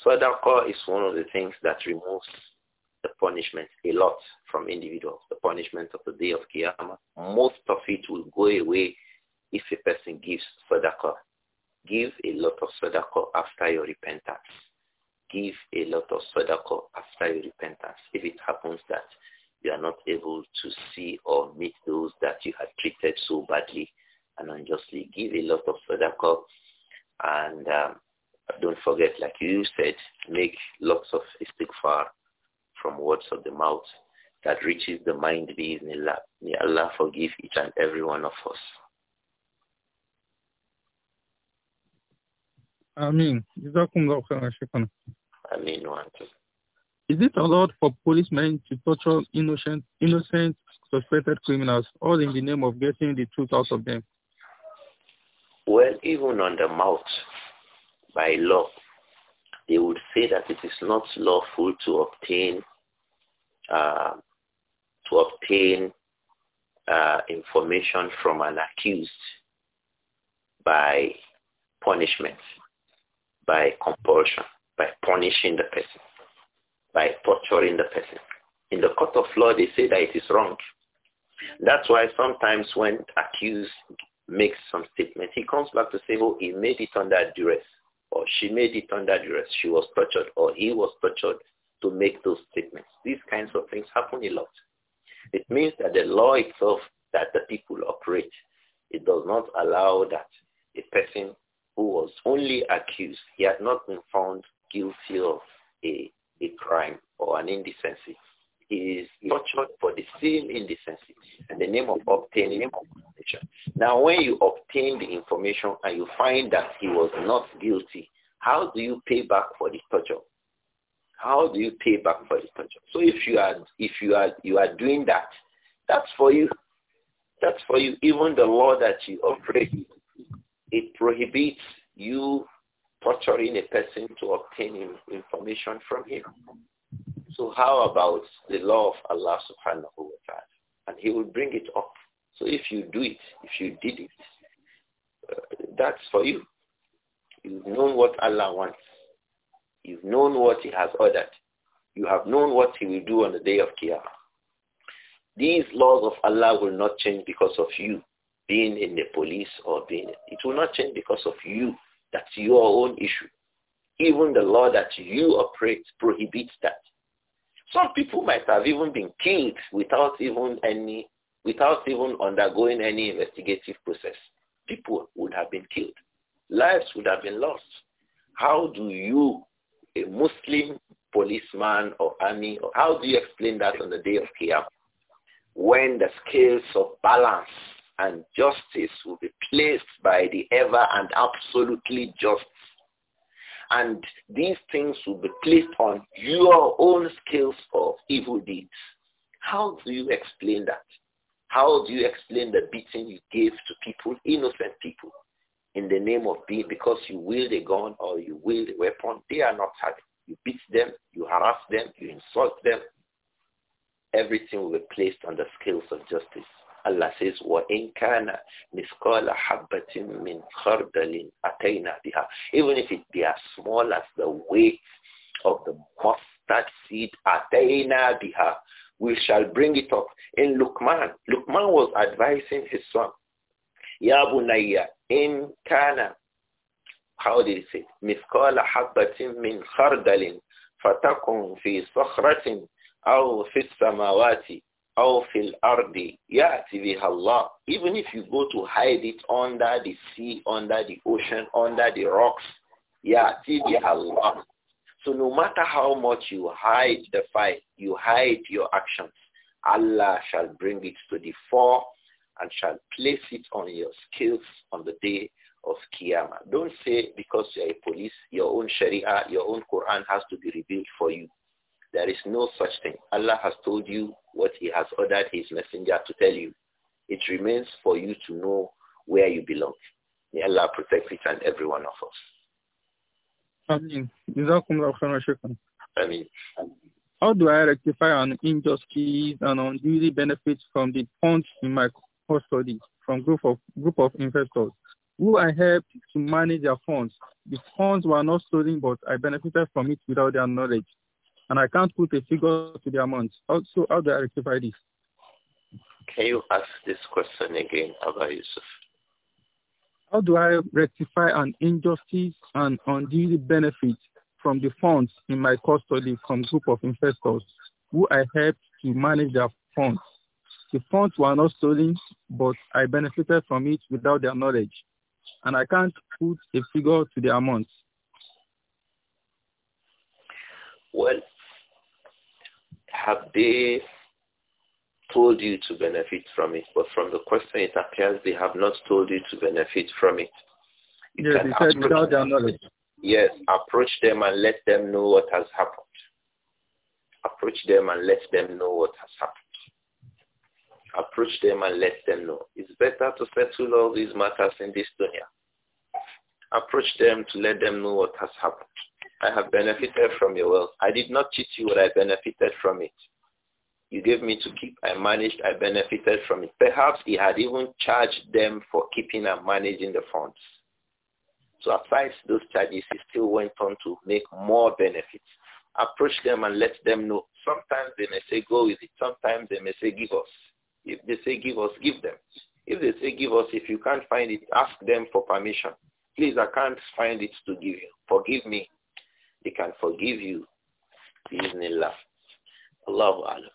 Sadaqah is one of the things that removes the punishment a lot from individuals. The punishment of the day of Qiyamah, most of it will go away if a person gives sadaqah. Give a lot of sadaqah after your repentance. Give a lot of sadaqah after your repentance. If it happens that you are not able to see or meet those that you have treated so badly and unjustly, give a lot of sadaqah and um, don't forget, like you said, make lots of istighfar from words of the mouth that reaches the mind bi'iznillah. May Allah forgive each and every one of us. Ameen. Ameen. Is it allowed for policemen to torture innocent, innocent suspected criminals, all in the name of getting the truth out of them? Well, even on the mouth, by law, they would say that it is not lawful to obtain uh, to obtain uh, information from an accused by punishment, by compulsion, by punishing the person, by torturing the person. In the court of law, they say that it is wrong. That's why sometimes when accused makes some statement, he comes back to say, oh, he made it under duress or she made it under duress, she was tortured, or he was tortured to make those statements. These kinds of things happen a lot. It means that the law itself that the people operate, it does not allow that a person who was only accused, he had not been found guilty of a, a crime or an indecency, is tortured for the same indecency in the name of obtaining information. Now, when you obtain the information and you find that he was not guilty, how do you pay back for the torture? How do you pay back for the torture? So if you are if you are you are doing that, that's for you. That's for you. Even the law that you operate, it prohibits you torturing a person to obtain information from him. So how about the law of Allah subhanahu wa ta'ala? And he will bring it up. So if you do it, if you did it, uh, that's for you. You've known what Allah wants. You've known what he has ordered. You have known what he will do on the day of Qiyamah. These laws of Allah will not change because of you being in the police or being, it will not change because of you. That's your own issue. Even the law that you operate prohibits that. Some people might have even been killed without even any, without even undergoing any investigative process. People would have been killed. Lives would have been lost. How do you, a Muslim policeman or army, how do you explain that on the day of Qiyam? When the scales of balance and justice will be placed by the ever and absolutely just and these things will be placed on your own scales of evil deeds. How do you explain that? How do you explain the beating you gave to people, innocent people, in the name of being because you wield a gun or you wield a weapon? They are not hurt. You beat them, you harass them, you insult them. Everything will be placed on the scales of justice. Allah says, وَإِنْ مِثْقَالَ حَبَّةٍ مِّنْ خَرْدَلٍ أَتَيْنَا بِهَا Even if it be as small as the weight of the mustard seed, أَتَيْنَا بِهَا We shall bring it up. In Luqman, Luqman was advising his son, يَا بُنَيَّ إِنْ كَانَ How did he say? مِثْقَالَ حَبَّةٍ مِّنْ خَرْدَلٍ فَتَكُنْ فِي صَخْرَةٍ أَوْ فِي السَّمَاوَاتِ أو في الأرض even if you go to hide it under the sea under the ocean under the rocks يأتي بها الله so no matter how much you hide the fight you hide your actions Allah shall bring it to the fore and shall place it on your scales on the day of Qiyamah. Don't say because you're a police, your own Sharia, your own Quran has to be revealed for you. There is no such thing. Allah has told you what he has ordered his messenger to tell you. It remains for you to know where you belong. May Allah protect each and every one of us. Ameen. Ameen. How do I rectify an injustice and unduly benefit from the funds in my custody from group of group of investors who I helped to manage their funds? The funds were not stolen, but I benefited from it without their knowledge and I can't put a figure to the amount. So how do I rectify this? Can you ask this question again, Abba Yusuf? How do I rectify an injustice and undue benefit from the funds in my custody from group of investors who I helped to manage their funds? The funds were not stolen, but I benefited from it without their knowledge, and I can't put a figure to the amount. Well, have they told you to benefit from it? But from the question, it appears they have not told you to benefit from it. You yes, can said without their knowledge. Yes, approach them and let them know what has happened. Approach them and let them know what has happened. Approach them and let them know. It's better to settle all these matters in this dunya. Approach them to let them know what has happened. I have benefited from your wealth. I did not cheat you, but I benefited from it. You gave me to keep. I managed. I benefited from it. Perhaps he had even charged them for keeping and managing the funds. So aside those charges, he still went on to make more benefits. Approach them and let them know. Sometimes they may say, go with it. Sometimes they may say, give us. If they say, give us, give them. If they say, give us, if you can't find it, ask them for permission. Please, I can't find it to give you. Forgive me can forgive you. Bismillah. Allahu Alam.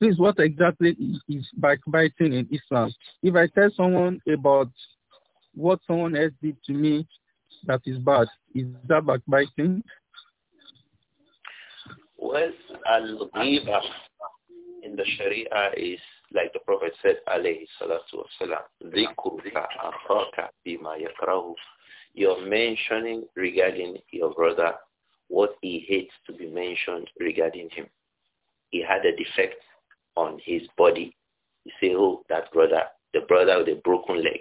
Please, what exactly is backbiting in Islam? If I tell someone about what someone else did to me that is bad, is that backbiting? Well, al in the Sharia is like the Prophet said, alayhi salatu wasalam, bima yakrahu. You're mentioning regarding your brother what he hates to be mentioned regarding him. He had a defect on his body. You say, oh, that brother, the brother with a broken leg.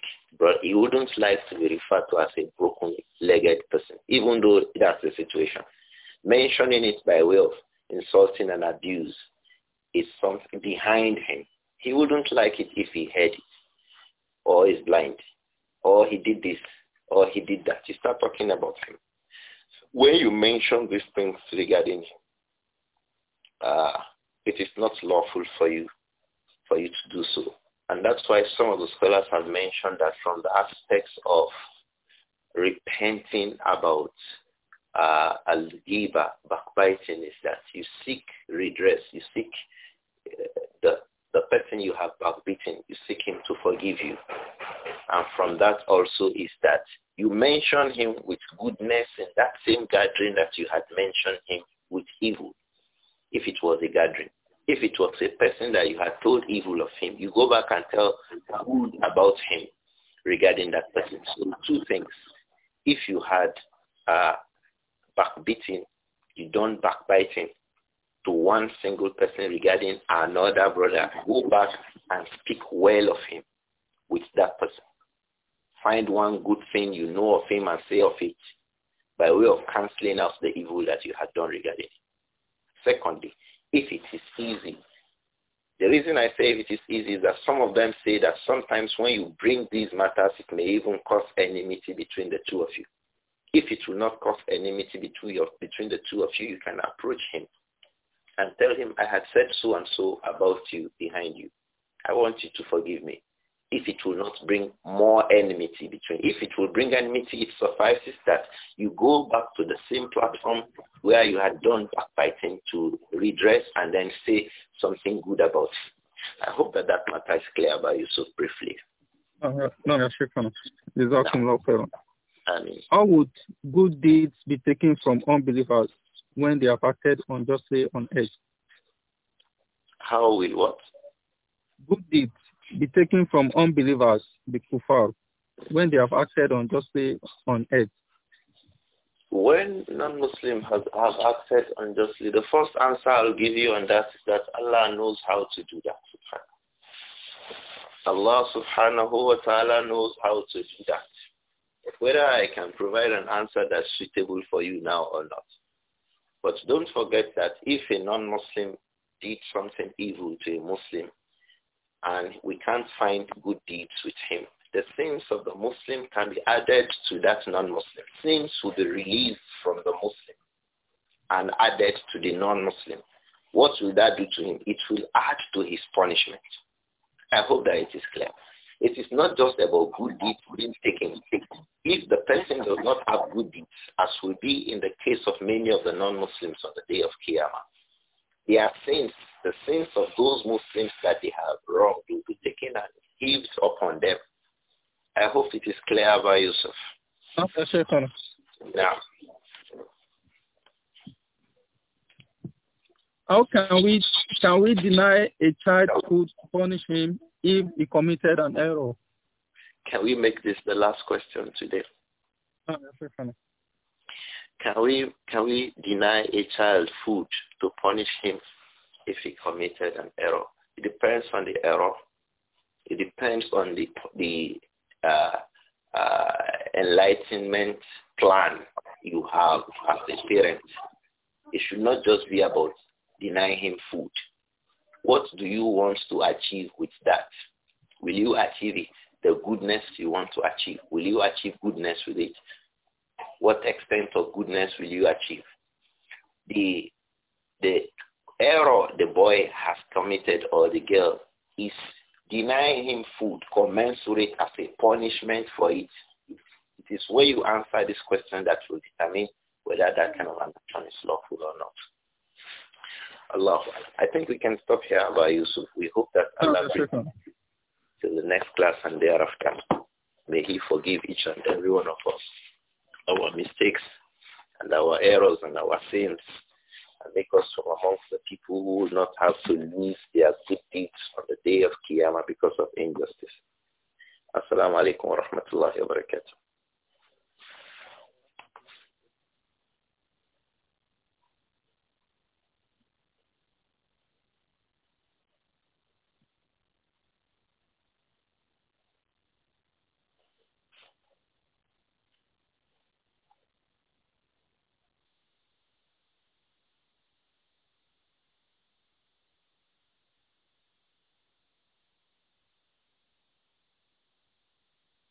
He wouldn't like to be referred to as a broken-legged person, even though that's the situation. Mentioning it by way of insulting and abuse is something behind him. He wouldn't like it if he heard it, or is blind, or he did this, or he did that. You start talking about him. When you mention these things regarding him, uh, it is not lawful for you for you to do so. And that's why some of the scholars have mentioned that from the aspects of repenting about uh, ah, al backbiting, is that you seek redress, you seek uh, the the person you have backbeaten, you seek him to forgive you. And from that also is that you mention him with goodness in that same gathering that you had mentioned him with evil, if it was a gathering. If it was a person that you had told evil of him, you go back and tell good about him regarding that person. So two things. If you had uh, you don't backbite him to one single person regarding another brother, go back and speak well of him with that person. Find one good thing you know of him and say of it by way of cancelling out the evil that you had done regarding him. Secondly, if it is easy, the reason I say if it is easy is that some of them say that sometimes when you bring these matters, it may even cause enmity between the two of you. If it will not cause enmity between, your, between the two of you, you can approach him and tell him, I had said so and so about you behind you. I want you to forgive me. If it will not bring more enmity between, if it will bring enmity, it suffices that you go back to the same platform where you had done backbiting to redress and then say something good about it. I hope that that matter is clear by you so briefly. No, no, How would good deeds be taken from unbelievers when they have acted unjustly on earth. How will what? Good deeds be taken from unbelievers, the kuffar, when they have acted unjustly on earth. When non-Muslim has have acted unjustly, the first answer I'll give you on that is that Allah knows how to do that. Allah subhanahu wa ta'ala knows how to do that. Whether I can provide an answer that's suitable for you now or not. But don't forget that if a non-Muslim did something evil to a Muslim and we can't find good deeds with him, the sins of the Muslim can be added to that non-Muslim. Sins will be released from the Muslim and added to the non-Muslim. What will that do to him? It will add to his punishment. I hope that it is clear. It is not just about good deeds being taken. If the person does not have good deeds, as will be in the case of many of the non-Muslims on the day of Qiyamah, their sins, the sins of those Muslims that they have wronged, will be taken and heaped upon them. I hope it is clear by Yusuf. Now. How can we can we deny a child who punish him if he committed an error. Can we make this the last question today? Oh, can we can we deny a child food to punish him if he committed an error? It depends on the error. It depends on the the uh, uh, enlightenment plan you have as a parent. It should not just be about denying him food. What do you want to achieve with that? Will you achieve it? The goodness you want to achieve. Will you achieve goodness with it? What extent of goodness will you achieve? The, the error the boy has committed or the girl is denying him food commensurate as a punishment for it. It is where you answer this question that will determine whether that kind of an action is lawful or not. Allah. I think we can stop here, Abba Yusuf. We hope that Allah no, to the next class and thereafter. May He forgive each and every one of us our mistakes and our errors and our sins and make us from amongst the people who will not have to lose their good deeds on the day of Qiyamah because of injustice. Assalamu alaikum wa rahmatullahi wa barakatuh.